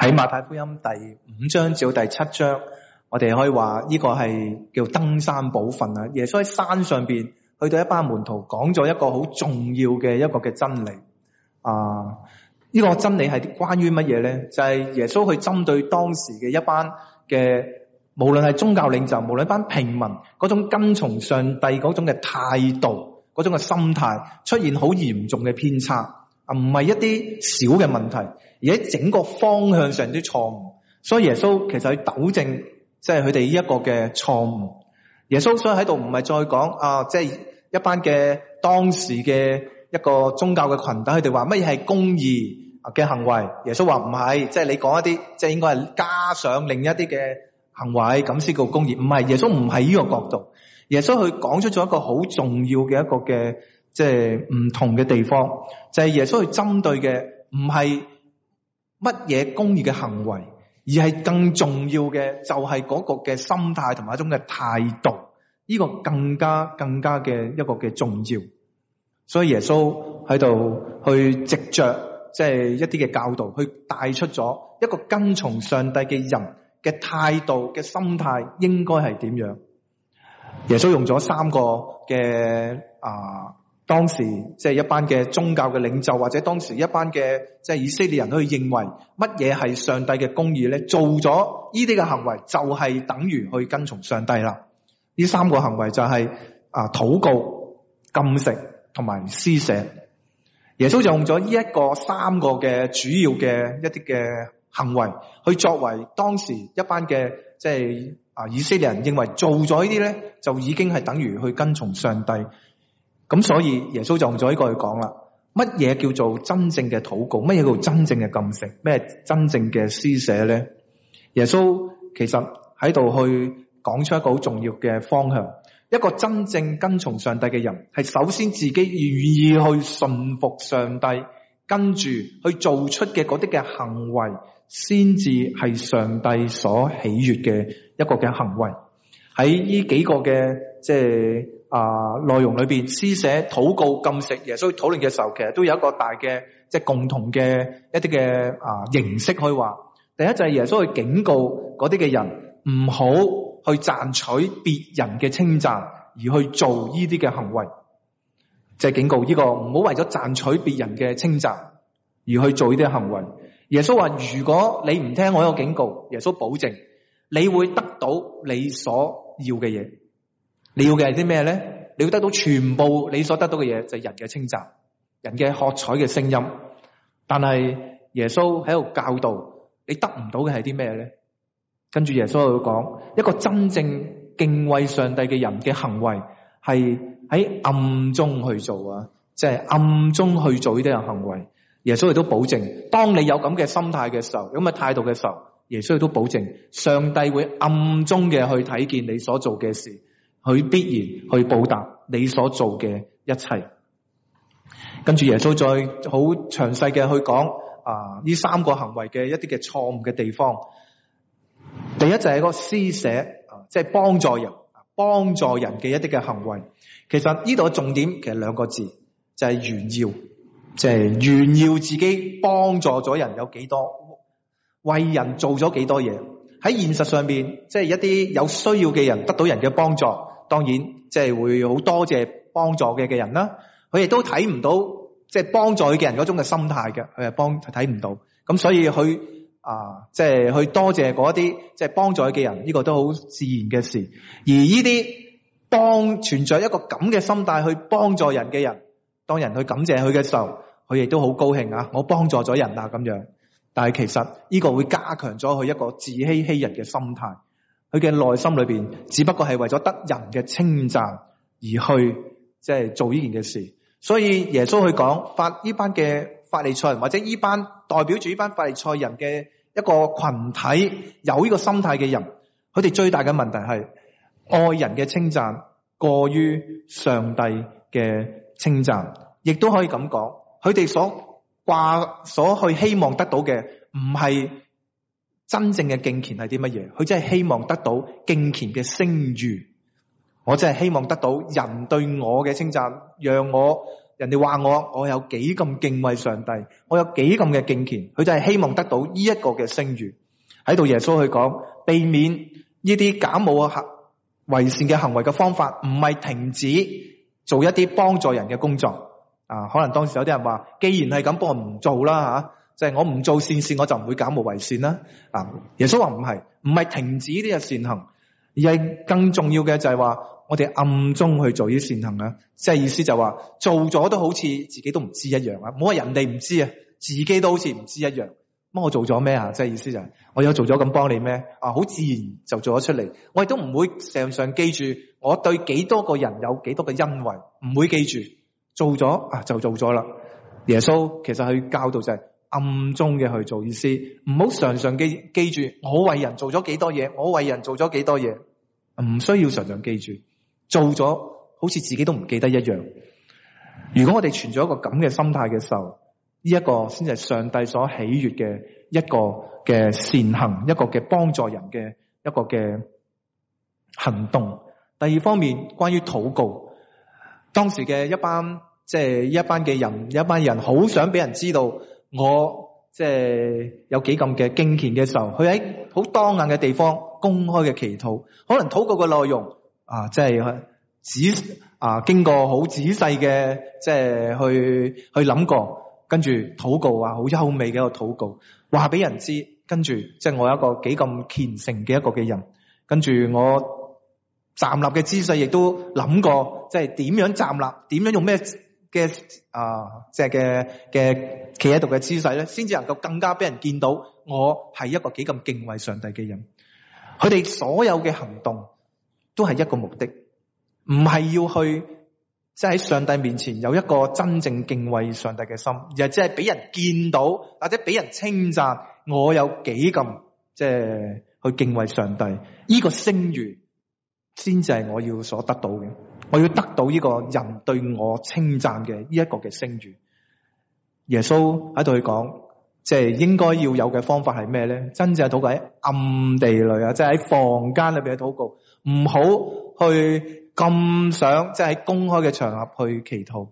喺馬太福音第五章至到第七章，我哋可以話呢個係叫登山寶訓啊！耶穌喺山上邊去到一班門徒，講咗一個好重要嘅一個嘅真理啊！呢個真理係關於乜嘢咧？就係耶穌去針對當時嘅一班嘅，無論係宗教領袖，無論班平民，嗰種跟從上帝嗰種嘅態度，嗰種嘅心態，出現好嚴重嘅偏差。唔係一啲小嘅問題，而喺整個方向上啲錯誤，所以耶穌其實去糾正，即係佢哋呢一個嘅錯誤。耶穌所以喺度唔係再講啊，即、就、係、是、一班嘅當時嘅一個宗教嘅群體，佢哋話乜嘢係公義嘅行為？耶穌話唔係，即、就、係、是、你講一啲，即、就、係、是、應該係加上另一啲嘅行為，咁先叫公義。唔係，耶穌唔係呢個角度，耶穌佢講出咗一個好重要嘅一個嘅。即係唔同嘅地方，就係、是、耶穌去針對嘅唔係乜嘢公義嘅行為，而係更重要嘅就係嗰個嘅心態同埋一種嘅態度，呢、這個更加更加嘅一個嘅重要。所以耶穌喺度去藉着即係、就是、一啲嘅教導，去帶出咗一個跟從上帝嘅人嘅態度嘅心態應該係點樣？耶穌用咗三個嘅啊。當時即係一班嘅宗教嘅領袖，或者當時一班嘅即係以色列人都去認為乜嘢係上帝嘅公義咧？做咗呢啲嘅行為就係等於去跟從上帝啦。呢三個行為就係啊禱告、禁食同埋施捨。耶穌就用咗呢一個三個嘅主要嘅一啲嘅行為，去作為當時一班嘅即係啊以色列人認為做咗呢啲咧，就已經係等於去跟從上帝。咁所以耶穌就用咗呢個去講啦，乜嘢叫做真正嘅禱告，乜嘢叫做真正嘅禁食，咩真正嘅施捨咧？耶穌其實喺度去講出一個好重要嘅方向，一個真正跟從上帝嘅人，係首先自己願意去信服上帝，跟住去做出嘅嗰啲嘅行為，先至係上帝所喜悅嘅一個嘅行為。喺呢幾個嘅即係。啊！內容裏邊施捨、禱告、禁食，耶穌討論嘅時候，其實都有一個大嘅即係共同嘅一啲嘅啊形式可以話。第一就係、是、耶穌去警告嗰啲嘅人，唔好去賺取別人嘅稱讚而去做呢啲嘅行為，即、就、係、是、警告呢、這個唔好為咗賺取別人嘅稱讚而去做呢啲行為。耶穌話：如果你唔聽我一個警告，耶穌保證你會得到你所要嘅嘢。你要嘅係啲咩咧？你要得到全部你所得到嘅嘢，就係、是、人嘅稱讚、人嘅喝彩嘅聲音。但係耶穌喺度教導你得唔到嘅係啲咩咧？跟住耶穌又講，一個真正敬畏上帝嘅人嘅行為係喺暗中去做啊，即、就、係、是、暗中去做呢啲人行為。耶穌亦都保證，當你有咁嘅心態嘅時候，有咁嘅態度嘅時候，耶穌亦都保證上帝會暗中嘅去睇見你所做嘅事。佢必然去報答你所做嘅一切。跟住耶穌再好詳細嘅去講啊，呢三個行為嘅一啲嘅錯誤嘅地方。第一就係個施捨，即係幫助人、幫助人嘅一啲嘅行為。其實呢度嘅重點其實兩個字，就係炫耀，即係炫耀自己幫助咗人有幾多，為人做咗幾多嘢。喺現實上面，即係一啲有需要嘅人得到人嘅幫助。當然，即係會好多謝幫助嘅嘅人啦。佢亦都睇唔到即係幫助嘅人嗰種嘅心態嘅，佢係幫睇唔到。咁所以佢啊，即係去多謝嗰啲即係幫助嘅人，呢個都好自然嘅事。而呢啲幫存在一個咁嘅心態去幫助人嘅人，當人去感謝佢嘅時候，佢亦都好高興啊！我幫助咗人啦咁樣。但係其實呢個會加強咗佢一個自欺欺人嘅心態。佢嘅內心裏邊，只不過係為咗得人嘅稱讚而去，即係做呢件嘅事。所以耶穌去講，法呢班嘅法利賽人，或者呢班代表住呢班法利賽人嘅一個群體，有呢個心態嘅人，佢哋最大嘅問題係愛人嘅稱讚過於上帝嘅稱讚，亦都可以咁講，佢哋所掛、所去希望得到嘅，唔係。真正嘅敬虔係啲乜嘢？佢真係希望得到敬虔嘅聲譽，我真係希望得到人對我嘅稱讚，讓我人哋話我我有幾咁敬畏上帝，我有幾咁嘅敬虔。佢真係希望得到呢一個嘅聲譽。喺度耶穌去講，避免呢啲假冒啊、為善嘅行為嘅方法，唔係停止做一啲幫助人嘅工作啊。可能當時有啲人話，既然係咁，我唔做啦吓。即係我唔做善事，我就唔會改惡為善啦。啊，耶穌話唔係，唔係停止呢個善行，而係更重要嘅就係話，我哋暗中去做呢善行啊。即係意思就話，做咗都好似自己都唔知一樣啊。唔好話人哋唔知啊，自己都好似唔知一樣。咁我做咗咩啊？即係意思就係，我有做咗咁幫你咩啊？好自然就做咗出嚟。我亦都唔會常常記住我對幾多個人有幾多嘅恩惠，唔會記住做咗啊就做咗啦。耶穌其實去教導就係、是。暗中嘅去做，意思唔好常常記記住我為人做咗幾多嘢，我為人做咗幾多嘢，唔需要常常記住，做咗好似自己都唔記得一樣。如果我哋存在一個咁嘅心態嘅時候，呢一個先係上帝所喜悅嘅一個嘅善行，一個嘅幫助人嘅一個嘅行動。第二方面，關於禱告，當時嘅一班即係一班嘅人，一班人好想俾人知道。我即係有幾咁嘅敬虔嘅時候，佢喺好當眼嘅地方公開嘅祈禱，可能禱告嘅內容啊，即係指啊經過好仔細嘅即係去去諗過，跟住禱告啊好優美嘅一個禱告，話俾人知，跟住即係我有一個幾咁虔誠嘅一個嘅人，跟住我站立嘅姿勢亦都諗過，即係點樣站立，點樣用咩？嘅啊，即係嘅嘅企喺度嘅姿勢咧，先至能夠更加俾人見到我係一個幾咁敬畏上帝嘅人。佢哋所有嘅行動都係一個目的，唔係要去即係喺上帝面前有一個真正敬畏上帝嘅心，而係即係俾人見到或者俾人稱讚我有幾咁即係去敬畏上帝。呢個聲譽先至係我要所得到嘅。我要得到呢個人對我稱讚嘅呢一個嘅聲譽，耶穌喺度去講，即係應該要有嘅方法係咩咧？真正禱告喺暗地裏啊，即係喺房間裏邊去禱告，唔好去咁想，即係喺公開嘅場合去祈禱。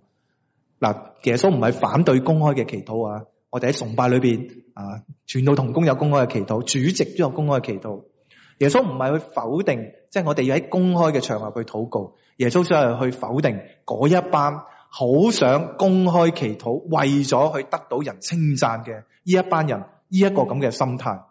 嗱，耶穌唔係反對公開嘅祈禱啊！我哋喺崇拜裏邊啊，傳道同工有公開嘅祈禱，主席都有公開嘅祈禱。耶穌唔係去否定，即係我哋要喺公開嘅場合去禱告。耶穌想係去否定嗰一班好想公開祈禱，為咗去得到人稱讚嘅呢一班人呢一個咁嘅心態。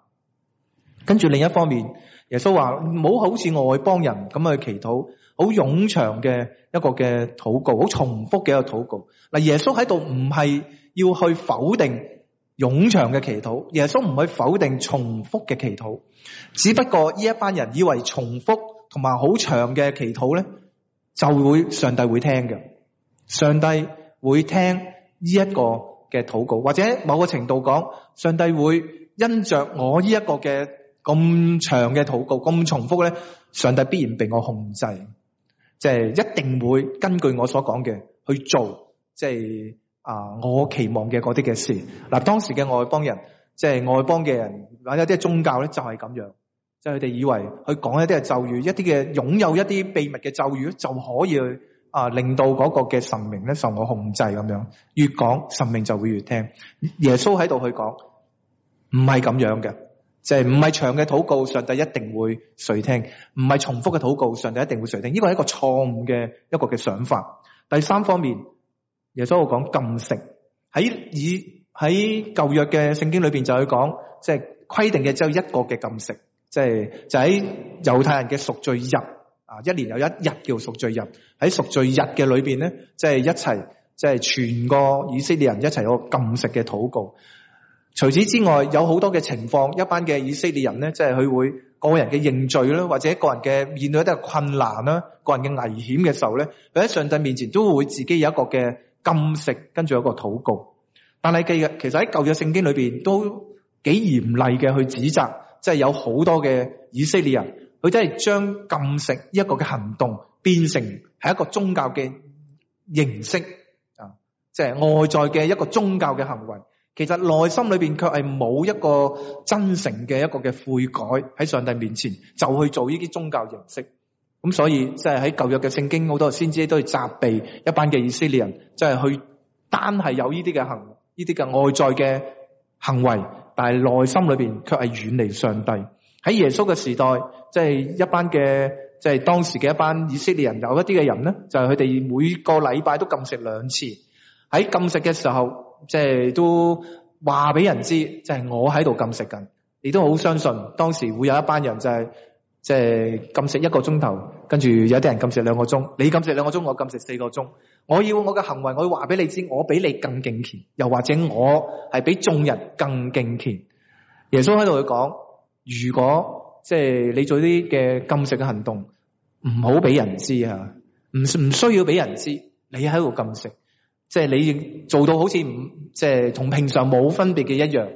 跟住另一方面，耶穌話唔好好似外邦人咁去祈禱，好冗長嘅一個嘅禱告，好重複嘅一個禱告。嗱，耶穌喺度唔係要去否定冗長嘅祈禱，耶穌唔去否定重複嘅祈禱，只不過呢一班人以為重複同埋好長嘅祈禱咧就會上帝會聽嘅，上帝會聽呢一個嘅禱告，或者某個程度講，上帝會因著我呢一個嘅咁長嘅禱告咁重複咧，上帝必然被我控制，即係一定會根據我所講嘅去做，即係啊我期望嘅嗰啲嘅事。嗱，當時嘅外邦人，即係外邦嘅人，或者啲宗教咧就係咁樣。即係佢哋以為佢講一啲嘅咒語，一啲嘅擁有一啲秘密嘅咒語就可以去啊，令到嗰個嘅神明咧受我控制咁樣。越講神明就會越聽。耶穌喺度去講，唔係咁樣嘅，即係唔係長嘅禱告，上帝一定會垂聽；唔係重複嘅禱告，上帝一定會垂聽。呢個係一個錯誤嘅一個嘅想法。第三方面，耶穌會講禁食。喺以喺舊約嘅聖經裏邊就去講，即係規定嘅只有一個嘅禁食。即係就喺猶太人嘅贖罪日啊，一年有一日叫贖罪日，喺贖罪日嘅裏邊咧，即係一齊即係全個以色列人一齊有個禁食嘅禱告。除此之外，有好多嘅情況，一班嘅以色列人咧，即係佢會個人嘅認罪啦，或者個人嘅面對一啲困難啦，個人嘅危險嘅時候咧，佢喺上帝面前都會自己有一個嘅禁食，跟住有一個禱告。但係記其實喺舊約聖經裏邊都幾嚴厲嘅去指責。即係有好多嘅以色列人，佢真係將禁食呢一個嘅行動變成係一個宗教嘅形式啊！即係外在嘅一個宗教嘅行為，其實內心裏邊卻係冇一個真誠嘅一個嘅悔改喺上帝面前，就去做呢啲宗教形式。咁所以即係喺舊約嘅聖經好多人先知都係責備一班嘅以色列人，即係去單係有呢啲嘅行，呢啲嘅外在嘅行為。但係內心裏邊卻係遠離上帝。喺耶穌嘅時代，即係一班嘅，即係當時嘅一班以色列人，有一啲嘅人咧，就係佢哋每個禮拜都禁食兩次。喺禁食嘅時候，即係都話俾人知，就係我喺度禁食緊。亦都好相信當時會有一班人就係、是。即係禁食一個鐘頭，跟住，有啲人禁食兩個鐘，你禁食兩個鐘，我禁食四個鐘。我要我嘅行為，我要話俾你知，我比你更敬虔，又或者我係比眾人更敬虔。耶穌喺度去講：如果即係你做啲嘅禁食嘅行動，唔好俾人知啊，唔唔需要俾人知。你喺度禁食，即係你做到好似唔即係同平常冇分別嘅一樣。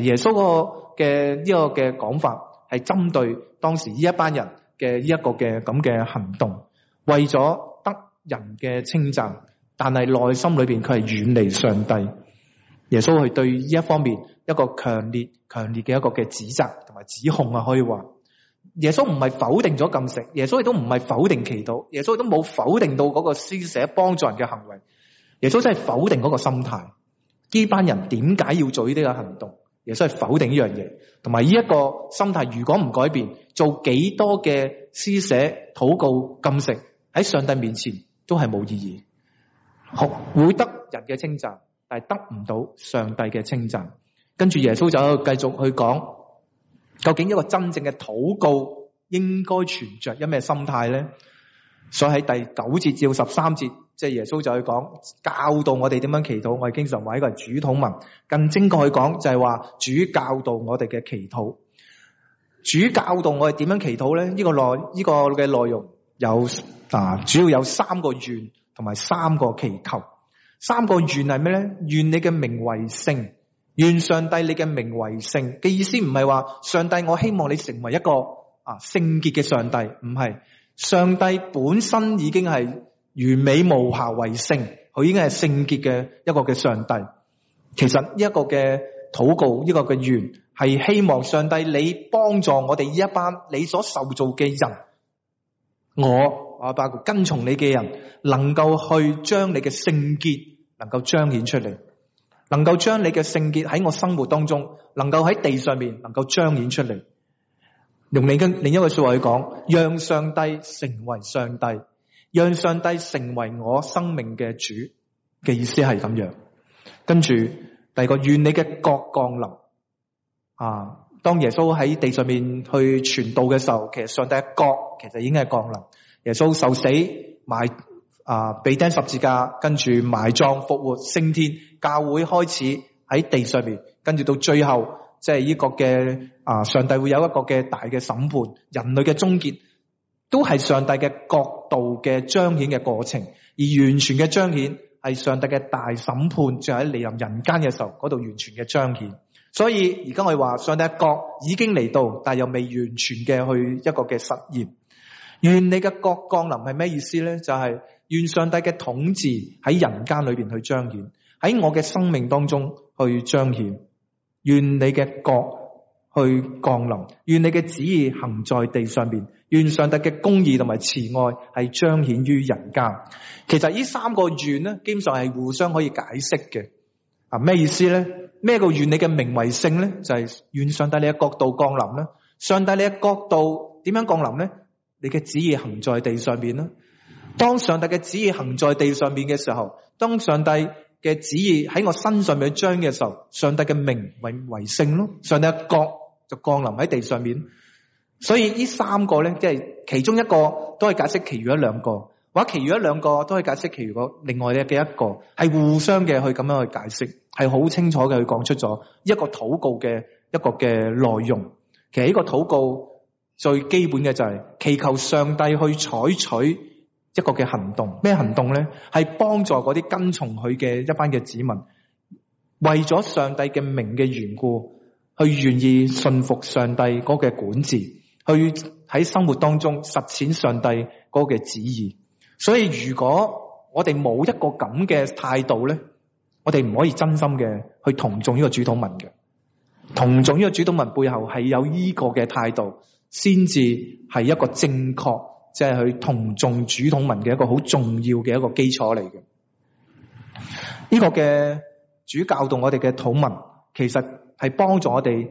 耶穌嗰個嘅呢個嘅講法。係針對當時呢一班人嘅呢一個嘅咁嘅行動，為咗得人嘅稱讚，但係內心裏邊佢係遠離上帝。耶穌係對呢一方面一個強烈、強烈嘅一個嘅指責同埋指控啊！可以話耶穌唔係否定咗禁食，耶穌亦都唔係否定祈禱，耶穌亦都冇否定到嗰個施捨幫助人嘅行為。耶穌真係否定嗰個心態，呢班人點解要做呢啲嘅行動？耶穌係否定呢樣嘢，同埋呢一個心態，如果唔改變，做幾多嘅施捨、禱告、禁食，喺上帝面前都係冇意義。好，會得人嘅稱讚，但係得唔到上帝嘅稱讚。跟住耶穌就繼續去講，究竟一個真正嘅禱告應該存着有咩心態咧？所以喺第九節至到十三節。即係耶穌就去講教導我哋點樣祈禱，我哋經常話一個係主禱文，更精確去講就係話主教導我哋嘅祈禱。主教導我哋點樣祈禱咧？呢、這個內呢個嘅內容有啊，主要有三個願同埋三個祈求。三個願係咩咧？願你嘅名為聖，願上帝你嘅名為聖嘅意思唔係話上帝我希望你成為一個啊聖潔嘅上帝，唔係上帝本身已經係。完美無瑕為聖，佢已經係聖潔嘅一個嘅上帝。其實呢一個嘅禱告，呢個嘅願，係希望上帝你幫助我哋呢一班你所受造嘅人，我啊包括跟從你嘅人，能夠去將你嘅聖潔能夠彰顯出嚟，能夠將你嘅聖潔喺我生活當中，能夠喺地上面能夠彰顯出嚟。用另一另一句說話去講，讓上帝成為上帝。讓上帝成為我生命嘅主嘅意思係咁樣，跟住第二個願你嘅國降臨啊。當耶穌喺地上面去傳道嘅時候，其實上帝嘅國其實已經係降臨。耶穌受死埋啊，被釘十字架，跟住埋葬、復活、升天，教會開始喺地上面，跟住到最後即係呢個嘅啊上帝會有一個嘅大嘅審判，人類嘅終結。都係上帝嘅國度嘅彰顯嘅過程，而完全嘅彰顯係上帝嘅大審判，就喺嚟臨人間嘅時候嗰度完全嘅彰顯。所以而家我哋話上帝嘅國已經嚟到，但又未完全嘅去一個嘅實驗。願你嘅國降臨係咩意思咧？就係、是、願上帝嘅統治喺人間裏邊去彰顯，喺我嘅生命當中去彰顯。願你嘅國。去降臨，願你嘅旨意行在地上面，願上帝嘅公義同埋慈愛係彰顯於人間。其實呢三個願呢，基本上係互相可以解釋嘅。啊，咩意思咧？咩叫願你嘅名為聖咧？就係、是、願上帝你嘅國度降臨咧。上帝你嘅國度點樣降臨咧？你嘅旨意行在地上面啦。當上帝嘅旨意行在地上面嘅時候，當上帝嘅旨意喺我身上面彰嘅時候，上帝嘅名為為聖咯。上帝嘅國，就降臨喺地上面，所以呢三個咧，即係其中一個都係解釋其餘一兩個，或者其餘一兩個都係解釋其餘個另外嘅嘅一個，係互相嘅去咁樣去解釋，係好清楚嘅去講出咗一個禱告嘅一個嘅內容。其實呢個禱告最基本嘅就係祈求上帝去採取一個嘅行動，咩行動咧？係幫助嗰啲跟從佢嘅一班嘅子民，為咗上帝嘅名嘅緣故。去願意信服上帝嗰個管治，去喺生活當中實踐上帝嗰個旨意。所以如果我哋冇一個咁嘅態度咧，我哋唔可以真心嘅去同眾呢個主禱文。嘅。同眾呢個主禱文背後係有呢個嘅態度，先至係一個正確，即係去同眾主禱文嘅一個好重要嘅一個基礎嚟嘅。呢、這個嘅主教導我哋嘅禱文，其實。係幫助我哋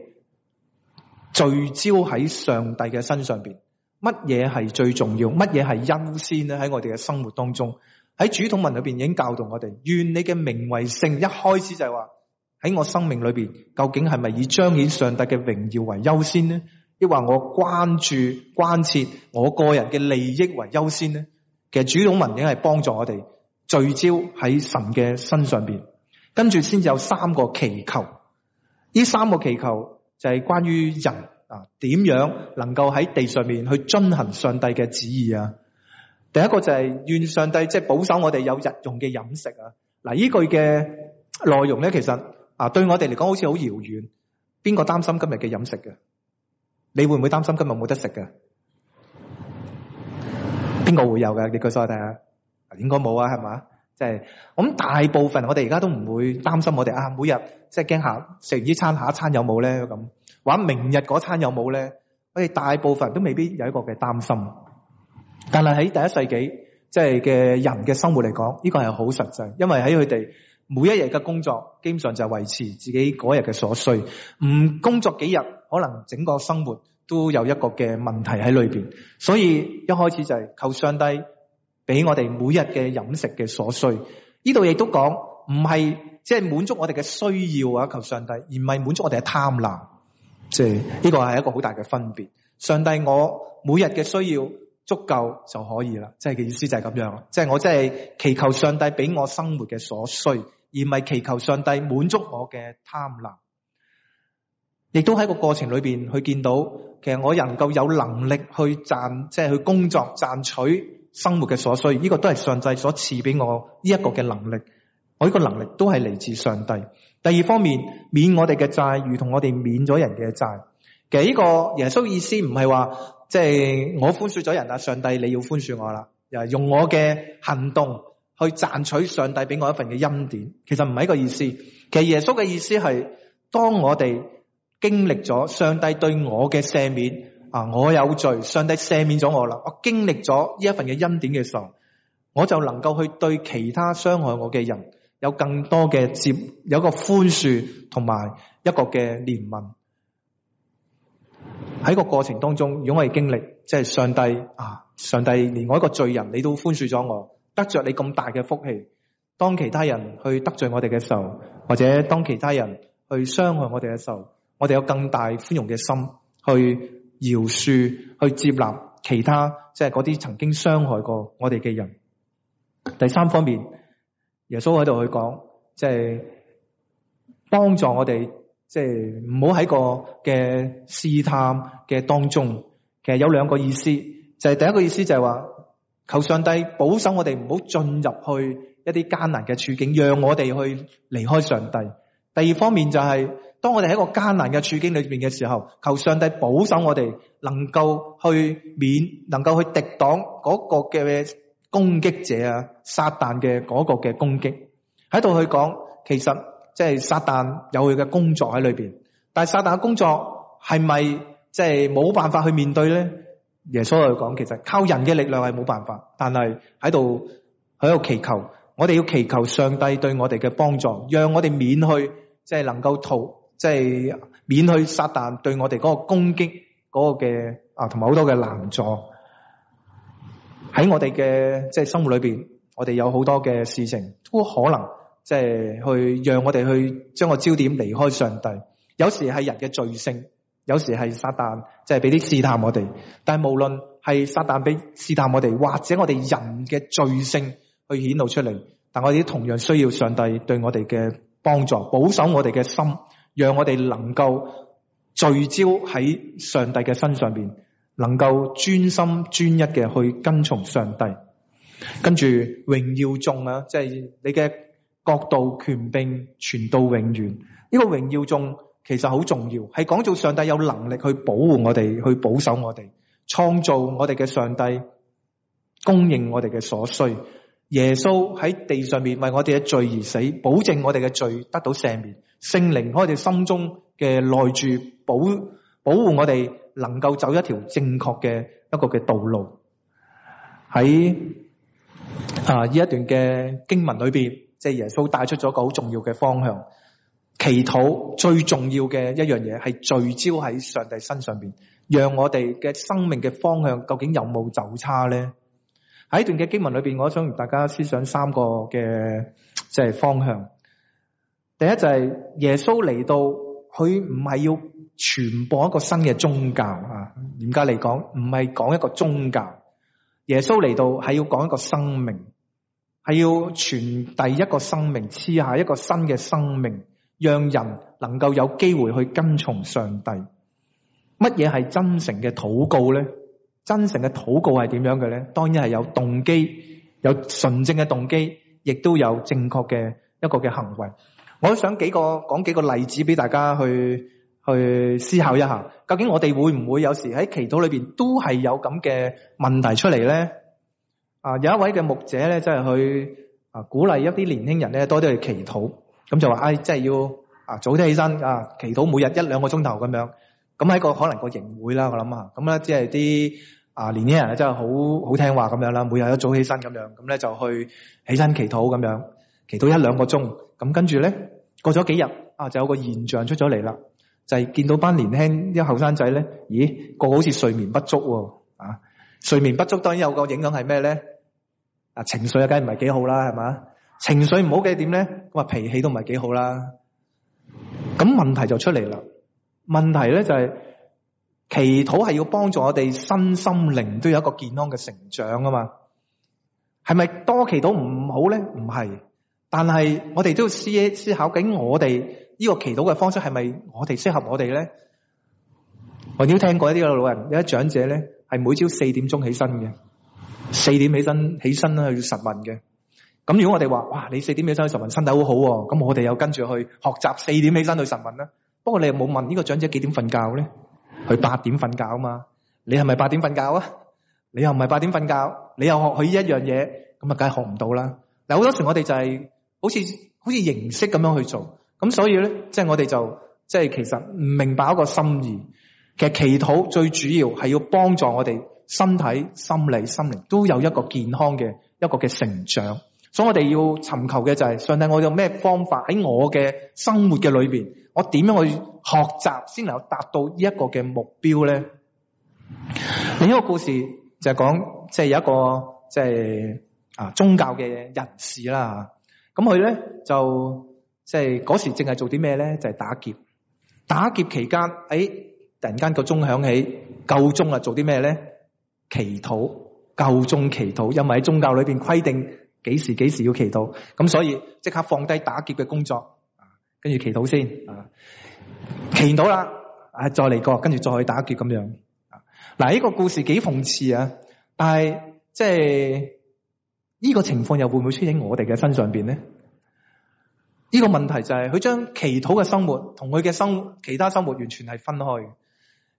聚焦喺上帝嘅身上邊，乜嘢係最重要？乜嘢係優先咧？喺我哋嘅生活當中，喺主禱文裏邊已經教導我哋：「願你嘅名為聖」，一開始就係話喺我生命裏邊，究竟係咪以彰顯上帝嘅榮耀為優先呢？抑或我關注、關切我個人嘅利益為優先呢？其實主禱文已經係幫助我哋聚焦喺神嘅身上邊，跟住先至有三個祈求。呢三個祈求就係關於人啊，點樣能夠喺地上面去遵行上帝嘅旨意啊？第一個就係願上帝即係、就是、保守我哋有日用嘅飲食啊！嗱，呢句嘅內容咧，其實啊，對我哋嚟講好似好遙遠。邊個擔心今日嘅飲食嘅？你會唔會擔心今日冇得食嘅？邊個會有嘅？你舉手睇下，應該冇啊，係嘛？即係咁，我諗大部分我哋而家都唔會擔心我哋啊，每日即係驚下食完呢餐下一餐有冇咧咁，或者明日嗰餐有冇咧？我哋大部分都未必有一個嘅擔心。但係喺第一世紀即係嘅人嘅生活嚟講，呢個係好實際，因為喺佢哋每一日嘅工作，基本上就係維持自己嗰日嘅所需。唔工作幾日，可能整個生活都有一個嘅問題喺裏邊。所以一開始就係靠上帝。俾我哋每日嘅飲食嘅所需，呢度亦都講唔係即係滿足我哋嘅需要啊！求上帝，而唔係滿足我哋嘅貪婪，即係呢個係一個好大嘅分別。上帝，我每日嘅需要足夠就可以啦，即係嘅意思就係咁樣啦。即係我即係祈求上帝俾我生活嘅所需，而唔係祈求上帝滿足我嘅貪婪。亦都喺個過程裏邊去見到，其實我能夠有能力去賺，即係去工作賺取。生活嘅所需，呢個都係上帝所賜俾我呢一個嘅能力。我呢個能力都係嚟自上帝。第二方面，免我哋嘅債，如同我哋免咗人嘅債。其實呢個耶穌意思唔係話，即係我寬恕咗人啊，上帝你要寬恕我啦，又用我嘅行動去賺取上帝俾我一份嘅恩典。其實唔係一個意思。其實耶穌嘅意思係，當我哋經歷咗上帝對我嘅赦免。啊！我有罪，上帝赦免咗我啦。我經歷咗呢一份嘅恩典嘅時候，我就能夠去對其他傷害我嘅人有更多嘅接，有一個寬恕同埋一個嘅憐憫。喺個過程當中，如果我哋經歷即係上帝啊，上帝連我一個罪人，你都寬恕咗我，得着你咁大嘅福氣。當其他人去得罪我哋嘅時候，或者當其他人去傷害我哋嘅時候，我哋有更大寬容嘅心去。饒恕去接納其他，即係嗰啲曾經傷害過我哋嘅人。第三方面，耶穌喺度去講，即係幫助我哋，即係唔好喺個嘅試探嘅當中。其實有兩個意思，就係第一個意思就係話求上帝保守我哋唔好進入去一啲艱難嘅處境，讓我哋去離開上帝。第二方面就係。當我哋喺一個艱難嘅處境裏邊嘅時候，求上帝保守我哋，能夠去免，能夠去抵擋嗰個嘅攻擊者啊，撒但嘅嗰個嘅攻擊，喺度去講，其實即係撒但有佢嘅工作喺裏邊，但係撒但嘅工作係咪即係冇辦法去面對咧？耶穌去講，其實靠人嘅力量係冇辦法，但係喺度喺度祈求，我哋要祈求上帝對我哋嘅幫助，讓我哋免去即係能夠逃。即係免去撒旦對我哋嗰個攻擊嗰個嘅啊，同埋好多嘅攔阻。喺我哋嘅即係生活裏邊，我哋有好多嘅事情都可能即係去讓我哋去將個焦點離開上帝。有時係人嘅罪性，有時係撒旦，即係俾啲試探我哋。但係無論係撒旦俾試探我哋，或者我哋人嘅罪性去顯露出嚟，但我哋都同樣需要上帝對我哋嘅幫助，保守我哋嘅心。讓我哋能夠聚焦喺上帝嘅身上邊，能夠專心專一嘅去跟從上帝。跟住榮耀眾啊，即係你嘅國度權柄傳到永遠。呢個榮耀眾其實好重要，係講做上帝有能力去保護我哋，去保守我哋，創造我哋嘅上帝，供應我哋嘅所需。耶穌喺地上面為我哋嘅罪而死，保證我哋嘅罪得到赦免。聖靈喺我哋心中嘅內住保，保保護我哋能夠走一條正確嘅一個嘅道路。喺啊呢一段嘅經文裏邊，即係耶穌帶出咗個好重要嘅方向：祈禱最重要嘅一樣嘢係聚焦喺上帝身上邊，讓我哋嘅生命嘅方向究竟有冇走差咧？喺段嘅經文裏邊，我想同大家思想三個嘅即係方向。第一就係耶穌嚟到，佢唔係要傳播一個新嘅宗教啊。嚴格嚟講，唔係講一個宗教。耶穌嚟到係要講一個生命，係要傳遞一個生命，賜下一個新嘅生命，讓人能夠有機會去跟從上帝。乜嘢係真誠嘅禱告咧？真誠嘅禱告係點樣嘅咧？當然係有動機，有純正嘅動機，亦都有正確嘅一個嘅行為。我想幾個講幾個例子俾大家去去思考一下，究竟我哋會唔會有時喺祈禱裏邊都係有咁嘅問題出嚟咧？啊，有一位嘅牧者咧，即係去啊鼓勵一啲年輕人咧多啲去祈禱，咁就話：唉，即係要啊早啲起身啊，祈禱每日一兩個鐘頭咁樣。咁喺個可能個營會啦，我諗啊，咁咧即係啲。啊，年輕人真係好好聽話咁樣啦，每日一早起身咁樣，咁咧就去起身祈禱咁樣，祈禱一兩個鐘，咁跟住咧過咗幾日啊，就有個現象出咗嚟啦，就係，見到班年輕一後生仔咧，咦，個個好似睡眠不足喎，啊，睡眠不足當然有個影響係咩咧？啊，情緒啊，梗係唔係幾好啦，係嘛？情緒唔好嘅點咧？咁啊，脾氣都唔係幾好啦，咁問題就出嚟啦，問題咧就係。祈禱係要幫助我哋身心靈都有一個健康嘅成長啊嘛，係咪多祈禱唔好咧？唔係，但係我哋都要思思考，究竟我哋呢個祈禱嘅方式係咪我哋適合我哋咧？我都聽過一啲嘅老人，有一長者咧係每朝四點鐘起身嘅，四點起身起身啦，去晨運嘅。咁如果我哋話哇，你四點起身去晨運，身體好好，咁我哋又跟住去學習四點起身去晨運啦。不過你又沒有冇問呢個長者幾點瞓覺咧？佢八點瞓覺啊嘛，你係咪八點瞓覺啊？你又唔係八點瞓覺，你又學佢呢一樣嘢，咁啊，梗係學唔到啦！嗱，好多時我哋就係好似好似形式咁樣去做，咁所以咧，即係我哋就即係其實唔明白一個心意。其實祈禱最主要係要幫助我哋身體、心理、心靈都有一個健康嘅一個嘅成長。所以我哋要尋求嘅就係上帝，我有咩方法喺我嘅生活嘅裏邊，我點樣去學習先能夠達到呢一個嘅目標咧？ 另一個故事就係講，即、就、係、是、有一個即係、就是、啊宗教嘅人士啦，咁佢咧就即係嗰時正係做啲咩咧？就係、是、打劫。打劫期間，誒、哎、突然間個鐘響起，夠鐘啊！做啲咩咧？祈禱，夠鐘祈禱，因為喺宗教裏邊規定。幾時幾時要祈禱？咁所以即刻放低打劫嘅工作，跟住祈禱先。祈禱啦，啊再嚟過，跟住再去打劫咁樣。嗱，呢個故事幾諷刺啊！但係即係呢個情況又會唔會出現我哋嘅身上邊咧？呢個問題就係佢將祈禱嘅生活同佢嘅生活其他生活完全係分開。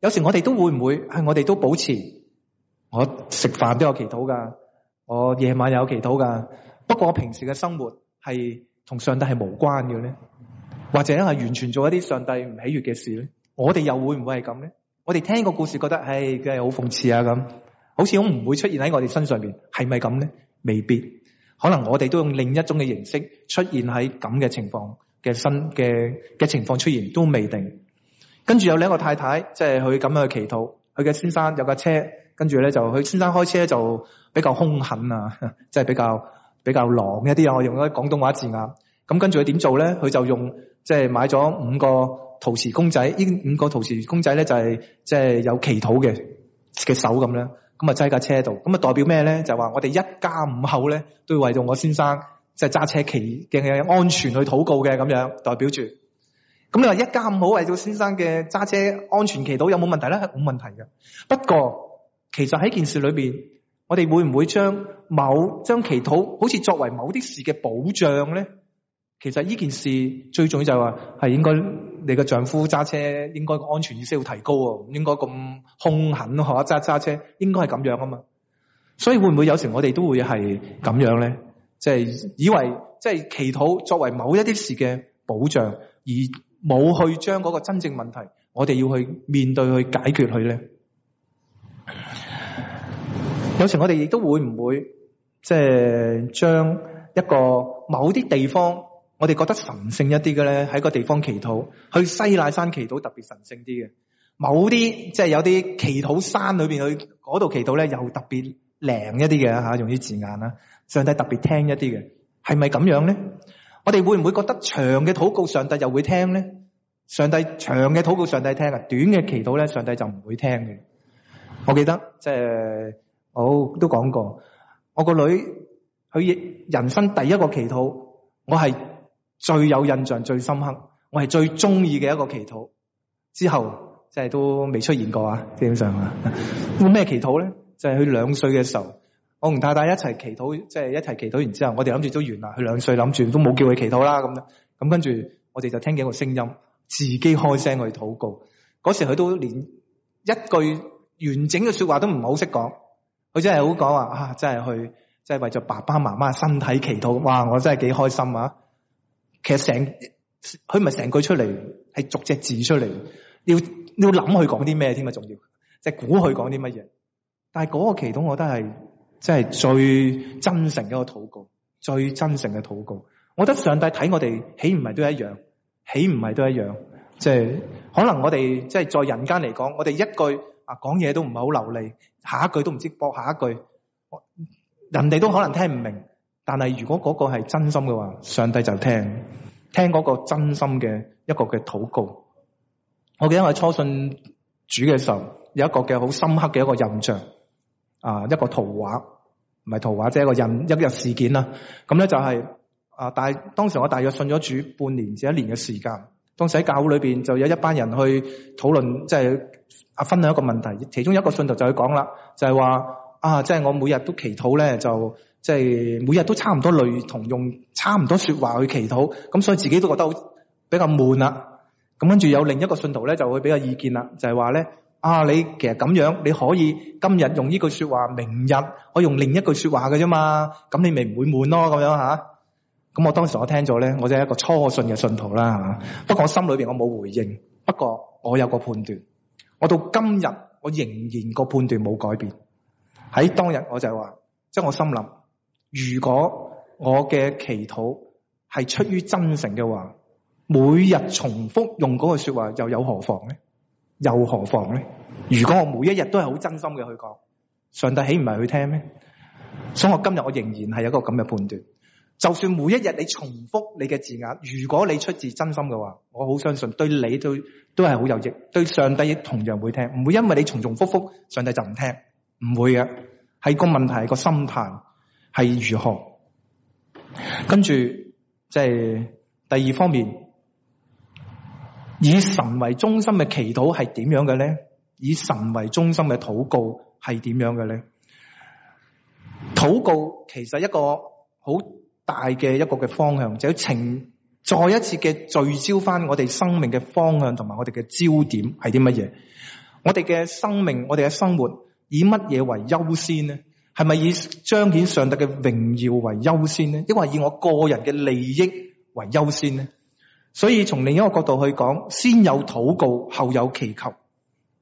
有時我哋都會唔會係我哋都保持我食飯都有祈禱噶。我夜晚有祈禱噶，不過我平時嘅生活係同上帝係無關嘅咧，或者係完全做一啲上帝唔喜悅嘅事咧。我哋又會唔會係咁咧？我哋聽個故事覺得，唉、哎，係好諷刺啊咁，好似好唔會出現喺我哋身上邊，係咪咁咧？未必，可能我哋都用另一種嘅形式出現喺咁嘅情況嘅新嘅嘅情況出現都未定。跟住有兩個太太，即係佢咁樣去祈禱，佢嘅先生有架車。跟住咧就佢先生開車就比較兇狠啊，即係比較比較狼一啲啊，我用咗廣東話字眼。咁跟住佢點做咧？佢就用即係買咗五個陶瓷公仔，呢五個陶瓷公仔咧就係即係有祈禱嘅嘅手咁呢。咁啊擠架車度，咁啊代表咩咧？就話我哋一家五口咧都要為咗我先生即係揸車祈嘅安全去禱告嘅咁樣，代表住。咁你話一家五口為咗先生嘅揸車安全祈禱有冇問題咧？係冇問題嘅。不過。其實喺件事裏邊，我哋會唔會將某將祈禱好似作為某啲事嘅保障咧？其實呢件事最重要就係話，係應該你嘅丈夫揸車應該個安全意識要提高，唔應該咁兇狠一揸揸車，應該係咁樣啊嘛。所以會唔會有時我哋都會係咁樣咧？即係以為即係祈禱作為某一啲事嘅保障，而冇去將嗰個真正問題，我哋要去面對去解決佢咧。有時我哋亦都會唔會，即係將一個某啲地方，我哋覺得神聖一啲嘅咧，喺個地方祈禱，去西乃山祈禱特別神聖啲嘅，某啲即係有啲祈禱山裏邊去嗰度祈禱咧，又特別靈一啲嘅吓，用啲字眼啦，上帝特別聽一啲嘅，係咪咁樣咧？我哋會唔會覺得長嘅禱告上帝又會聽咧？上帝長嘅禱告上帝聽啊，短嘅祈禱咧，上帝就唔會聽嘅。我記得即係。就是好、oh, 都講過，我個女佢亦人生第一個祈禱，我係最有印象最深刻，我係最鍾意嘅一個祈禱。之後即係都未出現過啊，基本上啊，咩 祈禱咧？就係佢兩歲嘅時候，我同太太一齊祈禱，即、就、係、是、一齊祈禱完之後，我哋諗住都完啦。佢兩歲諗住都冇叫佢祈禱啦咁樣。咁跟住我哋就聽見個聲音，自己開聲去禱告。嗰時佢都連一句完整嘅說話都唔係好識講。佢真係好講話啊！真係去，真係為咗爸爸媽媽身體祈禱。哇！我真係幾開心啊！其實成佢唔係成句出嚟，係逐隻字出嚟，要要諗佢講啲咩添啊！仲要，即係估佢講啲乜嘢。但係嗰個祈禱，我覺得係真係最真誠嘅一個禱告，最真誠嘅禱告。我覺得上帝睇，我哋，豈唔係都一樣？豈唔係都一樣？即係可能我哋即係在人間嚟講，我哋一句啊講嘢都唔係好流利，下一句都唔知駁下一句，人哋都可能聽唔明。但係如果嗰個係真心嘅話，上帝就聽，聽嗰個真心嘅一個嘅禱告。我記得我初信主嘅時候，有一個嘅好深刻嘅一個印象，啊一個圖畫唔係圖畫，即係一個印一日事件啦。咁咧就係、是、啊，但係當時我大約信咗主半年至一年嘅時間。當時喺教會裏面就有一班人去討論，即係啊，分享一個問題。其中一個信徒就去講啦，就係話啊，即係我每日都祈禱咧，就即係每日都差唔多類同用差唔多說話去祈禱，咁所以自己都覺得比較悶啦。咁跟住有另一個信徒咧就會俾個意見啦，就係話咧啊，你其實咁樣你可以今日用呢句說話，明日我用另一句說話嘅啫嘛，咁你咪唔會悶咯，咁樣嚇。咁我當時我聽咗咧，我就係一個初信嘅信徒啦，不過我心裏邊我冇回應，不過我有個判斷，我到今日我仍然個判斷冇改變。喺當日我就係話，即係我心諗，如果我嘅祈禱係出於真誠嘅話，每日重複用嗰句說話又有何妨咧？又何妨咧？如果我每一日都係好真心嘅去講，上帝豈唔係去聽咩？所以我今日我仍然係有一個咁嘅判斷。就算每一日你重複你嘅字眼，如果你出自真心嘅話，我好相信對你都都係好有益，對上帝亦同樣會聽，唔會因為你重重複複上帝就唔聽，唔會嘅。係，個問題係個心態係如何。跟住即係第二方面，以神為中心嘅祈禱係點樣嘅咧？以神為中心嘅禱告係點樣嘅咧？禱告其實一個好。大嘅一個嘅方向，就情、是、再一次嘅聚焦翻我哋生命嘅方向，同埋我哋嘅焦點係啲乜嘢？我哋嘅生命，我哋嘅生活，以乜嘢為優先呢？係咪以彰顯上帝嘅榮耀為優先呢？抑或以我個人嘅利益為優先呢？所以從另一個角度去講，先有禱告，後有祈求。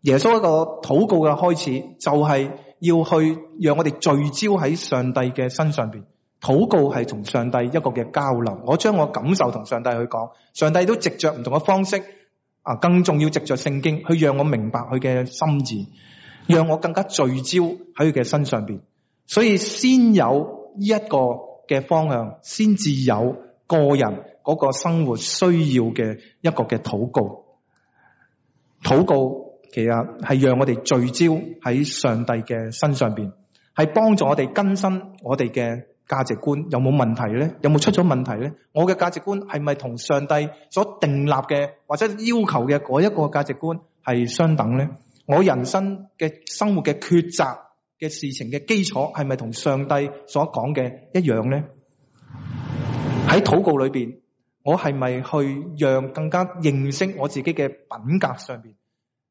耶穌一個禱告嘅開始，就係要去讓我哋聚焦喺上帝嘅身上邊。禱告係同上帝一個嘅交流，我將我感受同上帝去講，上帝都藉著唔同嘅方式，啊，更重要藉著聖經去讓我明白佢嘅心意，讓我更加聚焦喺佢嘅身上邊，所以先有一個嘅方向，先至有個人嗰個生活需要嘅一個嘅禱告。禱告其實係讓我哋聚焦喺上帝嘅身上邊，係幫助我哋更新我哋嘅。價值觀有冇問題咧？有冇出咗問題咧？我嘅價值觀係咪同上帝所訂立嘅或者要求嘅嗰一個價值觀係相等咧？我人生嘅生活嘅抉擇嘅事情嘅基礎係咪同上帝所講嘅一樣咧？喺禱告裏邊，我係咪去讓更加認識我自己嘅品格上邊，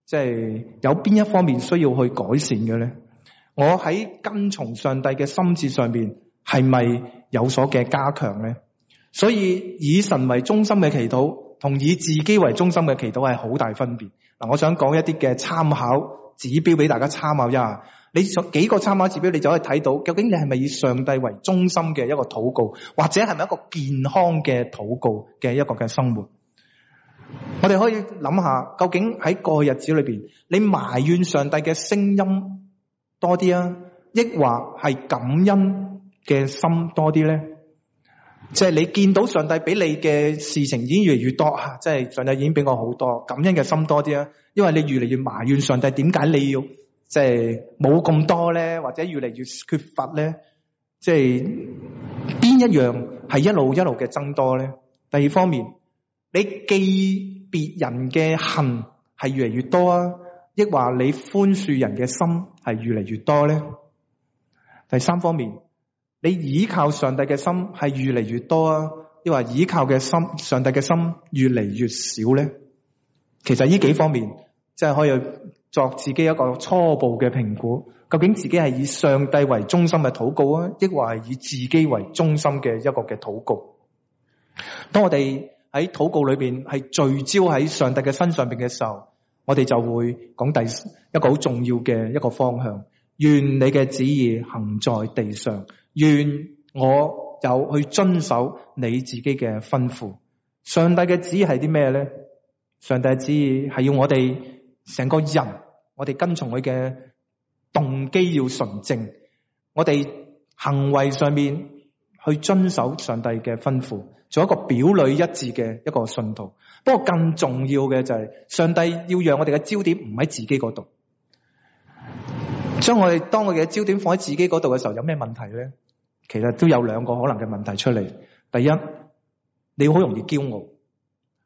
即係有邊一方面需要去改善嘅咧？我喺跟從上帝嘅心智上邊。係咪有所嘅加強呢？所以以神為中心嘅祈禱同以自己為中心嘅祈禱係好大分別嗱。我想講一啲嘅參考指標俾大家參考一下。你幾個參考指標，你就可以睇到究竟你係咪以上帝為中心嘅一個禱告，或者係咪一個健康嘅禱告嘅一個嘅生活。我哋可以諗下，究竟喺過去日子裏邊，你埋怨上帝嘅聲音多啲啊，抑或係感恩嘅心多啲咧，即係你見到上帝俾你嘅事情已經越嚟越多啊！即係上帝已經俾我好多感恩嘅心多啲啊！因為你越嚟越埋怨上帝，點解你要即係冇咁多咧？或者越嚟越缺乏咧？即係邊一樣係一路一路嘅增多咧？第二方面，你記別人嘅恨係越嚟越多啊，抑或你寬恕人嘅心係越嚟越多咧？第三方面。你依靠上帝嘅心係越嚟越多啊，抑或依靠嘅心，上帝嘅心越嚟越少咧？其實呢幾方面即係可以作自己一個初步嘅評估，究竟自己係以上帝為中心嘅禱告啊，抑或係以自己為中心嘅一個嘅禱告？當我哋喺禱告裏邊係聚焦喺上帝嘅身上邊嘅時候，我哋就會講第一個好重要嘅一個方向：願你嘅旨意行在地上。願我有去遵守你自己嘅吩咐。上帝嘅旨意係啲咩咧？上帝嘅旨意係要我哋成個人，我哋跟從佢嘅動機要純正，我哋行為上面去遵守上帝嘅吩咐，做一個表裏一致嘅一個信徒。不過更重要嘅就係，上帝要讓我哋嘅焦點唔喺自己嗰度。將我哋，當我哋嘅焦點放喺自己嗰度嘅時候，有咩問題咧？其實都有兩個可能嘅問題出嚟。第一，你好容易驕傲，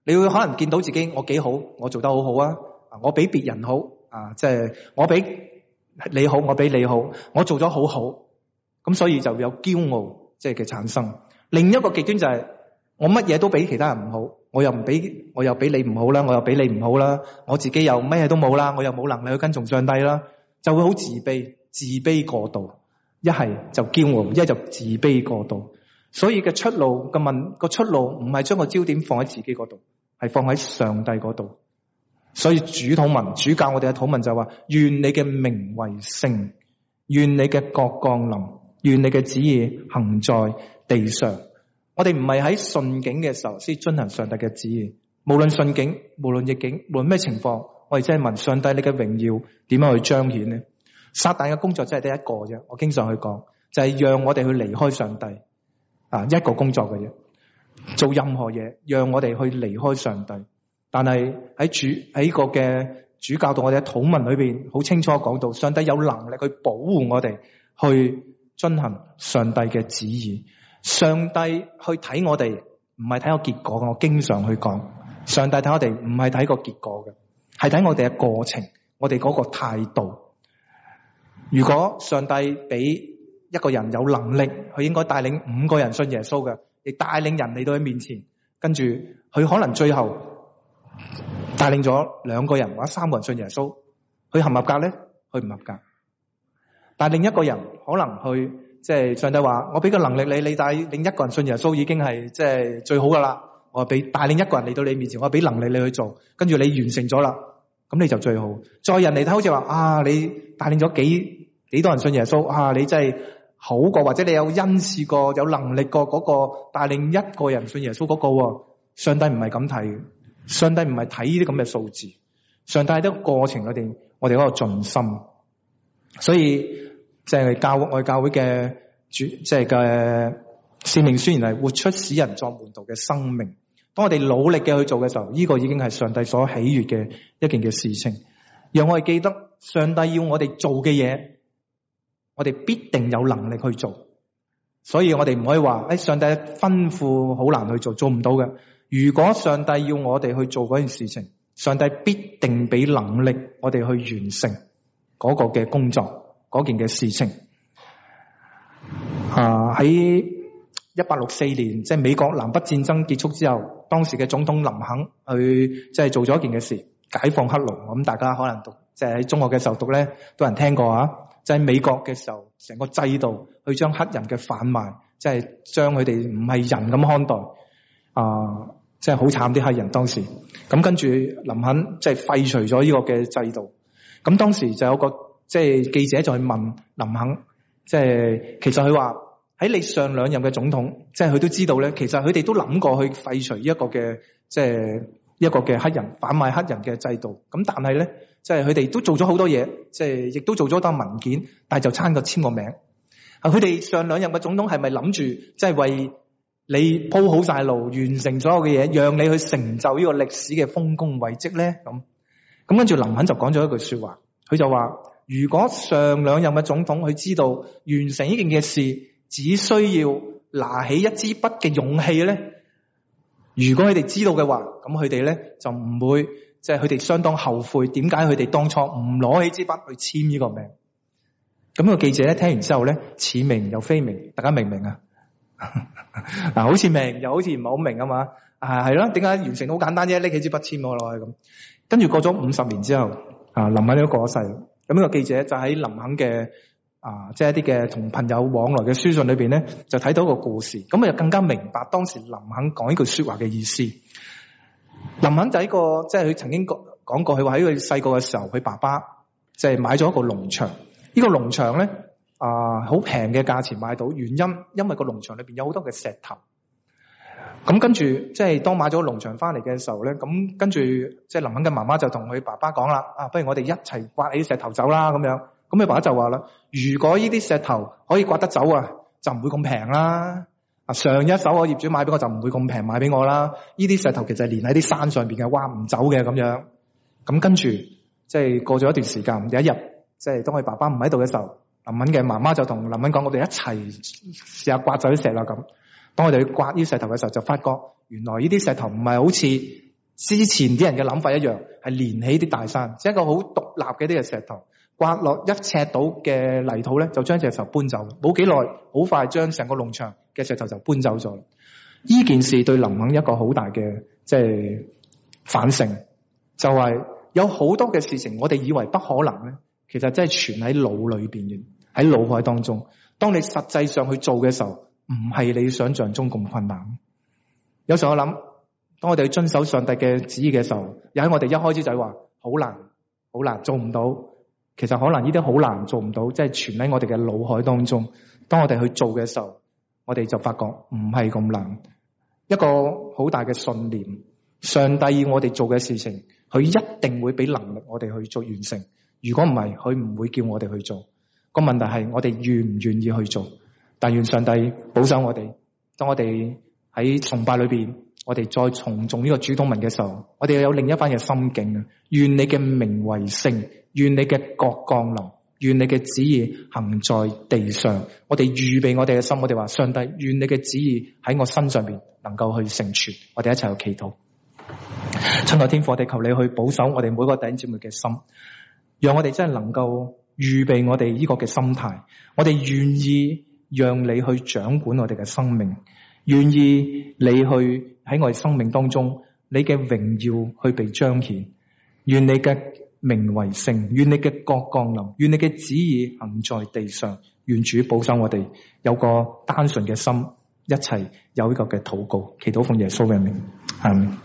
你會可能見到自己我幾好，我做得好好啊，我比別人好啊，即係我比你好，我比你好，我做咗好好，咁所以就有驕傲即係嘅產生。另一個極端就係我乜嘢都比其他人唔好，我又唔俾我又俾你唔好啦，我又俾你唔好啦，我自己又乜嘢都冇啦，我又冇能力去跟從上帝啦，就會好自卑，自卑過度。一係係就驕傲，一係就自卑過度。所以嘅出路嘅問，個出路唔係將個焦點放喺自己嗰度，係放喺上帝嗰度。所以主禱文，主教我哋嘅禱文就話：願你嘅名為聖，願你嘅國降臨，願你嘅旨意行在地上。我哋唔係喺順境嘅時候先遵行上帝嘅旨意，無論順境，無論逆境，無論咩情況，我哋淨係問上帝：你嘅榮耀點樣去彰顯呢？撒旦嘅工作真係得一個啫，我經常去講，就係、是、讓我哋去離開上帝啊，一個工作嘅啫。做任何嘢，讓我哋去離開上帝。但係喺主喺個嘅主教導我哋嘅禱文裏邊，好清楚講到，上帝有能力去保護我哋去進行上帝嘅旨意。上帝去睇我哋，唔係睇個結果嘅。我經常去講，上帝睇我哋唔係睇個結果嘅，係睇我哋嘅過程，我哋嗰個態度。如果上帝俾一個人有能力，佢應該帶領五個人信耶穌嘅，亦帶領人嚟到佢面前，跟住佢可能最後帶領咗兩個人或者三個人信耶穌，佢合唔合格咧？佢唔合格。但係另一個人可能去，即係上帝話：我俾個能力你，你帶領一個人信耶穌已經係即係最好噶啦。我俾帶領一個人嚟到你面前，我俾能力你去做，跟住你完成咗啦，咁你就最好。再人嚟睇好似話：啊，你帶領咗幾？幾多人信耶穌啊？你真係好過，或者你有恩賜過、有能力過嗰個帶另一個人信耶穌嗰個？上帝唔係咁睇，上帝唔係睇呢啲咁嘅數字，上帝喺一個過程裏邊，我哋嗰個盡心，所以即係教，教會嘅、外教會嘅主，即係嘅使命，雖然係活出使人作門徒嘅生命。當我哋努力嘅去做嘅時候，呢個已經係上帝所喜悦嘅一件嘅事情。讓我哋記得上帝要我哋做嘅嘢。我哋必定有能力去做，所以我哋唔可以話誒，上帝吩咐好難去做，做唔到嘅。如果上帝要我哋去做嗰件事情，上帝必定俾能力我哋去完成嗰個嘅工作，嗰件嘅事情。啊，喺一八六四年，即係美國南北戰爭結束之後，當時嘅總統林肯去即係做咗一件嘅事，解放黑奴。咁大家可能讀即係喺中學嘅時候讀咧，都有人聽過啊。就係美國嘅時候，成個制度去將黑人嘅販賣，即係將佢哋唔係人咁看待，啊，呃，即係好慘啲黑人當時。咁跟住林肯即係廢除咗呢個嘅制度。咁當時就有個即係記者就去問林肯，即係其實佢話喺你上兩任嘅總統，即係佢都知道咧，其實佢哋都諗過去廢除呢一個嘅即係一個嘅黑人販賣黑人嘅制度。咁但係咧。即係佢哋都做咗好多嘢，即係亦都做咗一沓文件，但係就差個簽個名。啊，佢哋上兩任嘅總統係咪諗住即係為你鋪好晒路，完成所有嘅嘢，讓你去成就呢個歷史嘅豐功偉績咧？咁咁跟住林肯就講咗一句説話，佢就話：如果上兩任嘅總統佢知道完成呢件嘅事只需要拿起一支筆嘅勇氣咧，如果佢哋知道嘅話，咁佢哋咧就唔會。即係佢哋相當後悔，點解佢哋當初唔攞起支筆去簽呢個名？咁呢個記者咧聽完之後咧，似明又非明，大家明唔 明啊？嗱，好似明，又好似唔係好明啊嘛，啊係咯，點解完成好簡單啫？拎起支筆簽落去咁，跟住過咗五十年之後，啊林肯都過咗世，咁呢個記者就喺林肯嘅啊，即係一啲嘅同朋友往來嘅書信裏邊咧，就睇到個故事，咁啊又更加明白當時林肯講呢句說話嘅意思。林肯就係個即係佢曾經講過，佢話喺佢細個嘅時候，佢爸爸即係買咗一個農場。這個、農場，呢個農場咧啊，好平嘅價錢買到，原因因為個農場裏邊有好多嘅石頭。咁跟住即係當買咗農場翻嚟嘅時候咧，咁跟住即係林肯嘅媽媽就同佢爸爸講啦，啊，不如我哋一齊刮起啲石頭走啦咁樣。咁佢爸爸就話啦，如果呢啲石頭可以刮得走啊，就唔會咁平啦。上一手我業主買俾我就唔會咁平買俾我啦。呢啲石頭其實係連喺啲山上邊嘅，挖唔走嘅咁樣。咁跟住即係過咗一段時間，有一日即係當佢爸爸唔喺度嘅時候，林敏嘅媽媽就同林敏講：我哋一齊試下刮走啲石啦。咁當我哋去刮呢啲石頭嘅時候，就發覺原來呢啲石頭唔係好似之前啲人嘅諗法一樣係連起啲大山，即係一個好獨立嘅啲嘅石頭。刮落一尺到嘅泥土咧，就將石頭搬走。冇幾耐，好快將成個農場。嘅石頭就搬走咗。呢件事對林肯一個好大嘅即係反省，就係有好多嘅事情，我哋以為不可能咧，其實真係存喺腦裏邊嘅，喺腦海當中。當你實際上去做嘅時候，唔係你想象中咁困難。有時候我諗，當我哋遵守上帝嘅旨意嘅時候，又喺我哋一開始就話好難，好難做唔到。其實可能呢啲好難做唔到，即係存喺我哋嘅腦海當中。當我哋去做嘅時候，我哋就發覺唔係咁難，一個好大嘅信念，上帝要我哋做嘅事情，佢一定會俾能力我哋去做完成。如果唔係，佢唔會叫我哋去做。個問題係我哋願唔願意去做。但願上帝保守我哋。當我哋喺崇拜裏邊，我哋再從重呢個主禱文嘅時候，我哋又有另一番嘅心境啊！願你嘅名為聖，願你嘅國降臨。願你嘅旨意行在地上，我哋預備我哋嘅心，我哋話上帝，願你嘅旨意喺我身上邊能夠去成全，我哋一齊去祈禱。親愛天父，我哋求你去保守我哋每個弟兄姊妹嘅心，讓我哋真係能夠預備我哋呢個嘅心態，我哋願意讓你去掌管我哋嘅生命，願意你去喺我哋生命當中，你嘅榮耀去被彰顯，願你嘅名為聖，願你嘅國降臨，願你嘅旨意行在地上，願主保守我哋有個單純嘅心，一齊有呢個嘅禱告，祈禱奉耶穌嘅名，阿